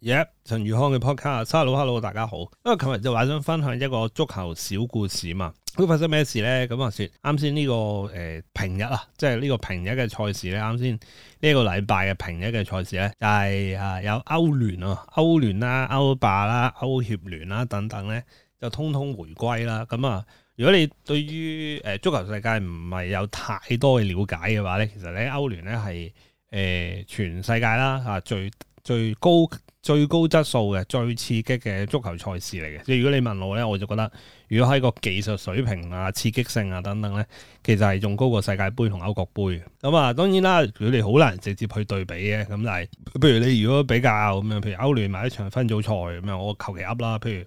而家、yeah, 陳宇康嘅 podcast，hello hello，大家好。因為琴日就話想分享一個足球小故事嘛，會發生咩事咧？咁話說，啱先呢個誒、呃、平日啊，即係呢個平日嘅賽事咧，啱先呢個禮拜嘅平日嘅賽事咧，就係、是、啊有歐聯啊、歐聯啦、啊、歐霸啦、啊、歐協聯啦、啊、等等咧，就通通回歸啦。咁啊，如果你對於誒足球世界唔係有太多嘅了解嘅話咧，其實咧歐聯咧係誒全世界啦嚇最最高。最高質素嘅最刺激嘅足球賽事嚟嘅，即係如果你問我咧，我就覺得如果喺個技術水平啊、刺激性啊等等咧，其實係仲高過世界盃同歐國盃咁啊，當然啦，佢哋好難直接去對比嘅。咁但係，譬如你如果比較咁樣，譬如歐聯買一場分組賽咁樣，我求其 up 啦。譬如誒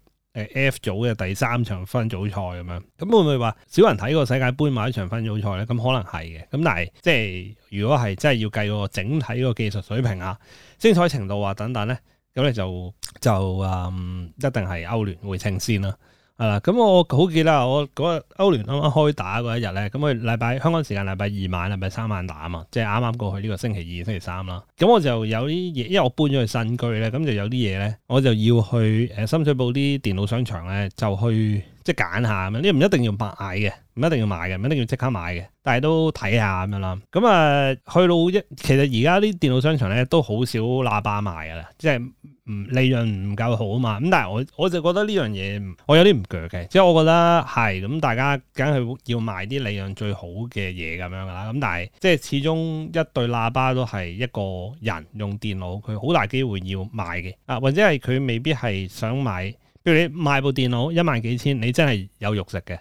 F 組嘅第三場分組賽咁樣，咁會唔會話少人睇個世界盃買一場分組賽咧？咁可能係嘅。咁但係即係如果係真係要計個整體個技術水平啊、精彩程度啊等等咧。咁咧就就誒、嗯，一定係歐聯會傾先啦。啊，咁我好記得我嗰日歐聯啱啱開打嗰一日咧，咁佢禮拜香港時間禮拜二晚、禮拜三晚打啊嘛，即係啱啱過去呢個星期二、星期三啦。咁我就有啲嘢，因為我搬咗去新居咧，咁就有啲嘢咧，我就要去誒深水埗啲電腦商場咧，就去。即係揀下咁樣，呢唔一定要白買嘅，唔一定要買嘅，唔一定要即刻買嘅，但係都睇下咁樣啦。咁啊、呃，去到一，其實而家啲電腦商場咧都好少喇叭賣㗎喇，即係唔利潤唔夠好啊嘛。咁但係我我就覺得呢樣嘢我有啲唔鋸嘅，即係我覺得係咁，大家梗係要賣啲利潤最好嘅嘢咁樣啦。咁但係即係始終一對喇叭都係一個人用電腦，佢好大機會要買嘅啊，或者係佢未必係想買。譬如你賣部電腦一萬幾千，你真係有肉食嘅；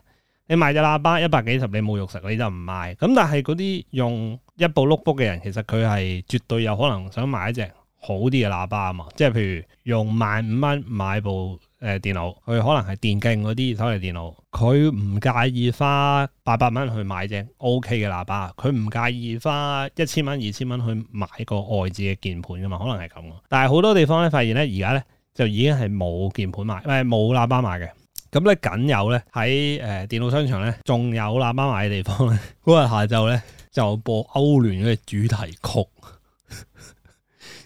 你賣隻喇叭一百幾十，你冇肉食你就唔賣。咁但係嗰啲用一部 notebook 嘅人，其實佢係絕對有可能想買一隻好啲嘅喇叭啊嘛。即係譬如用萬五蚊買部誒電腦，佢可能係電競嗰啲手提電腦，佢唔介意花八百蚊去買隻 O.K. 嘅喇叭，佢唔介意花一千蚊、二千蚊去買個外置嘅鍵盤噶嘛，可能係咁。但係好多地方咧發現咧，而家咧。就已經係冇鍵盤賣，唔係冇喇叭賣嘅。咁咧，僅有咧喺誒電腦商場咧，仲有喇叭賣嘅地方咧。嗰 日下晝咧就播歐聯嘅主題曲，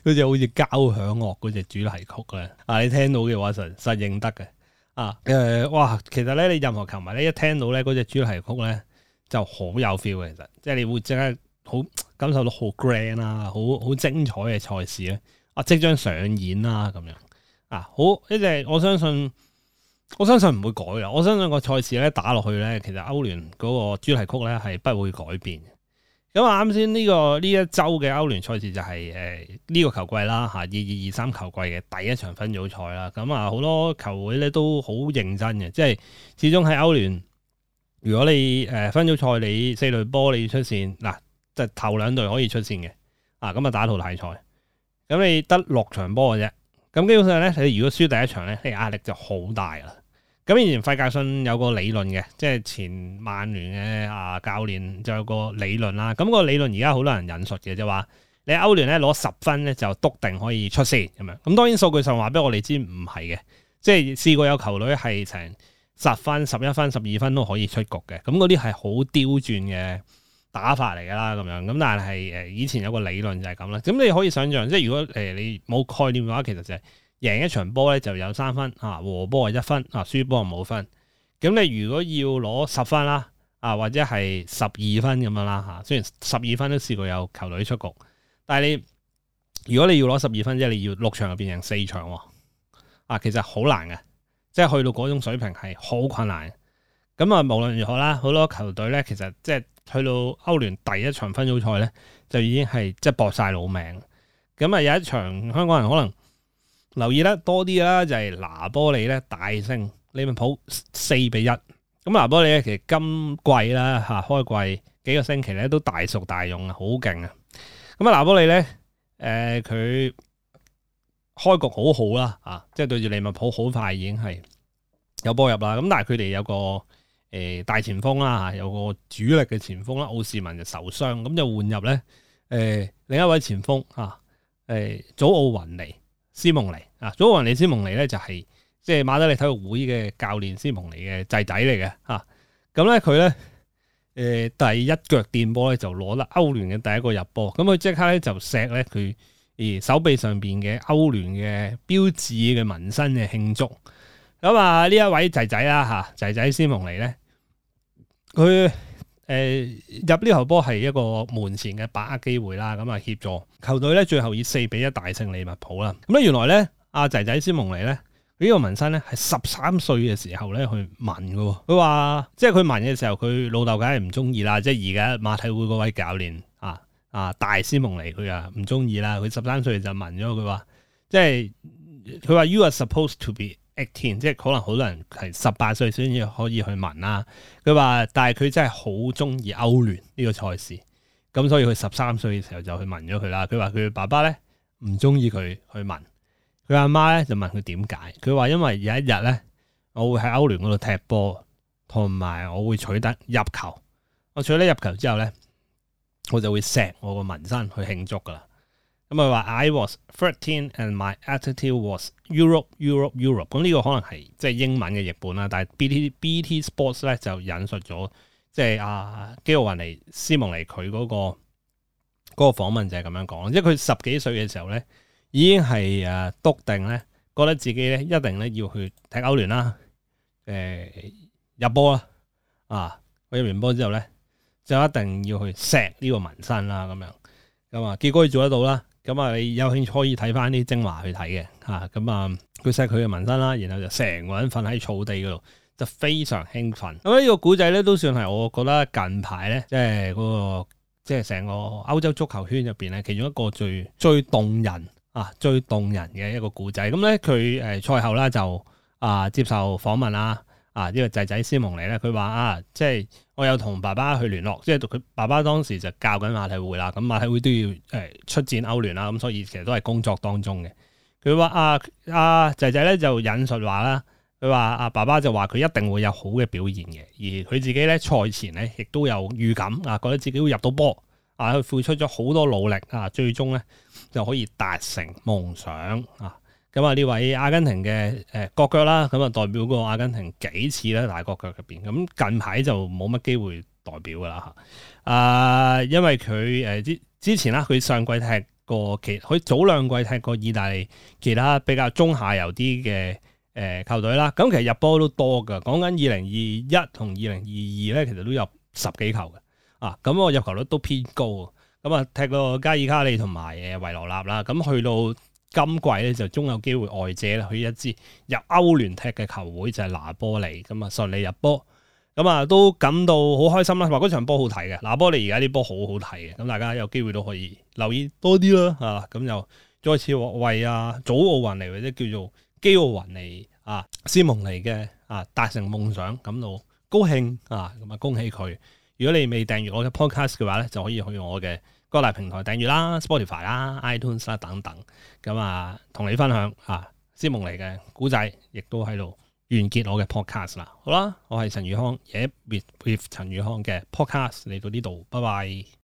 嗰 隻好似交響樂嗰隻主題曲咧。啊，你聽到嘅話實實認得嘅啊誒、呃、哇！其實咧，你任何球迷咧一聽到咧嗰隻主題曲咧，就好有 feel 嘅。其實即係你會即刻好感受到好 grand 啦，好好精彩嘅賽事咧，啊，即將上演啦咁樣。啊、好！呢隻我相信，我相信唔會改啦。我相信個賽事咧打落去咧，其實歐聯嗰個主題曲咧係不會改變嘅。咁啊，啱先呢個呢一周嘅歐聯賽事就係誒呢個球季啦吓，二二二三球季嘅第一場分組賽啦。咁啊，好多球會咧都好認真嘅，即係始終喺歐聯，如果你誒分組賽你四隊波你要出線，嗱、啊、即係、頭兩隊可以出線嘅啊。咁啊打淘汰賽，咁你得六場波嘅啫。咁基本上咧，你如果輸第一場咧，你壓力就好大啦。咁以前費格遜有個理論嘅，即係前曼聯嘅阿教練就有個理論啦。咁個理論而家好多人引述嘅，就話你歐聯咧攞十分咧就篤定可以出線咁樣。咁當然數據上話俾我哋知唔係嘅，即係試過有球隊係成十分、十一分、十二分都可以出局嘅。咁嗰啲係好刁鑽嘅。打法嚟噶啦，咁樣咁，但係誒以前有個理論就係咁啦。咁你可以想象，即係如果誒你冇概念嘅話，其實就係贏一場波咧就有三分啊，和波係一分啊，輸波就冇分。咁你如果要攞十分啦啊，或者係十二分咁樣啦嚇，雖然十二分都試過有球隊出局，但係你如果你要攞十二分，即係你要六場就變成四場喎啊，其實好難嘅，即係去到嗰種水平係好困難。咁啊，無論如何啦，好多球隊咧，其實即係去到歐聯第一場分組賽咧，就已經係即係搏晒老命。咁啊，有一場香港人可能留意得多啲啦，就係拿波利咧大勝利物浦四比一。咁拿波利咧，其實今季啦吓，開季幾個星期咧都大熟大用啊，好勁啊。咁啊，拿波利咧，誒佢開局好好啦，啊即係對住利物浦好快已經係有波入啦。咁但係佢哋有個誒，大前鋒啦吓，有個主力嘅前鋒啦，奧斯文就受傷，咁就換入咧，誒，另一位前鋒吓，誒，祖奧雲尼斯蒙尼啊，祖奧雲尼斯蒙尼咧、啊、就係即係馬德里體育會嘅教練斯蒙尼嘅仔仔嚟嘅吓。咁咧佢咧，誒、呃，第一腳電波咧就攞得歐聯嘅第一個入波，咁佢即刻咧就錫咧佢，誒，手臂上邊嘅歐聯嘅標誌嘅紋身嘅慶祝，咁啊呢一位仔仔啦吓，仔仔斯蒙尼咧。佢誒、呃、入呢球波係一個門前嘅把握機會啦，咁啊協助球隊咧，最後以四比一大勝利物浦啦。咁咧原來咧，阿、啊、仔仔施蒙尼咧，佢呢個紋身咧係十三歲嘅時候咧去紋嘅。佢話即係佢紋嘅時候，佢老豆梗係唔中意啦。即係而家馬體會嗰位教練啊啊大施蒙尼佢啊唔中意啦。佢十三歲就紋咗佢話，即係佢話 You are supposed to be。18，即係可能好多人係十八歲先至可以去紋啦。佢話，但係佢真係好中意歐聯呢個賽事，咁所以佢十三歲嘅時候就去紋咗佢啦。佢話佢爸爸咧唔中意佢去紋，佢阿媽咧就問佢點解。佢話因為有一日咧，我會喺歐聯嗰度踢波，同埋我會取得入球。我取得入球之後咧，我就會錫我個紋身去慶祝噶啦。唔係話 I was thirteen and my attitude was Europe, Europe, Europe。咁、這、呢個可能係即係英文嘅譯本啦，但係 BT BT Sports 咧就引述咗即係啊基奧雲尼施蒙尼佢嗰、那個嗰、那個訪問就係咁樣講，即係佢十幾歲嘅時候咧已經係誒篤定咧，覺得自己咧一定咧要去踢歐聯啦，誒、呃、入波啦，啊入完波之後咧就一定要去錫呢個紋身啦，咁樣咁啊，結果佢做得到啦。咁啊、嗯，你有興趣可以睇翻啲精華去睇嘅。吓，咁啊，佢錫佢嘅紋身啦，然後就成個人瞓喺草地嗰度，就非常興奮。咁、嗯這個、呢個古仔咧，都算係我覺得近排咧，即係嗰個，即係成個歐洲足球圈入邊咧，其中一個最最動人啊，最動人嘅一個古仔。咁、嗯、咧，佢誒賽後啦就啊接受訪問啦。啊！呢個仔仔施蒙尼咧，佢話啊，即係我有同爸爸去聯絡，即係佢爸爸當時就教緊馬體會啦。咁馬體會都要誒出戰歐聯啦，咁所以其實都係工作當中嘅。佢話啊啊仔仔咧就引述話啦，佢話啊爸爸就話佢一定會有好嘅表現嘅，而佢自己咧賽前咧亦都有預感啊，覺得自己會入到波啊，佢付出咗好多努力啊，最終咧就可以達成夢想啊！咁啊，呢位阿根廷嘅誒、呃、國腳啦，咁、嗯、啊代表過阿根廷幾次咧，大國腳入邊。咁近排就冇乜機會代表噶啦嚇。啊，因為佢誒之之前啦，佢上季踢過其，佢早兩季踢過意大利其他比較中下游啲嘅誒球隊啦。咁、嗯、其實入波都多噶，講緊二零二一同二零二二咧，其實都有十幾球嘅。啊，咁、嗯、我入球率都偏高。咁、嗯、啊，踢過加爾卡利同埋誒維羅納啦，咁、嗯、去到。今季咧就終有機會外借啦，去一支入歐聯踢嘅球會就係拿波利。咁啊，順利入波咁啊，都感到好開心啦！話嗰場波好睇嘅，拿波利而家啲波好好睇嘅，咁大家有機會都可以留意多啲啦啊！咁就再次為啊，祖奧雲尼或者叫做基奧雲尼啊，施蒙尼嘅啊達成夢想感到高興啊，咁啊恭喜佢！如果你未訂閱我嘅 podcast 嘅話咧，就可以去我嘅。各大平台訂閱啦，Spotify 啦，iTunes 啦，等等。咁、嗯、啊，同你分享啊，施蒙尼嘅故仔，亦都喺度完結我嘅 podcast 啦。好啦，我係陳宇康，而、yeah, 家 with, with 陳宇康嘅 podcast 嚟到呢度，拜拜。